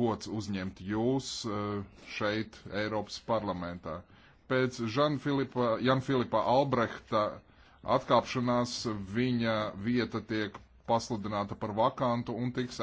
gods uzņemt jūs e, šeit, Eiropas parlamentā. Pēc Jan-Filipa Albrehta atkāpšanās viņa vieta tiek pasludināta par vakantu un tiks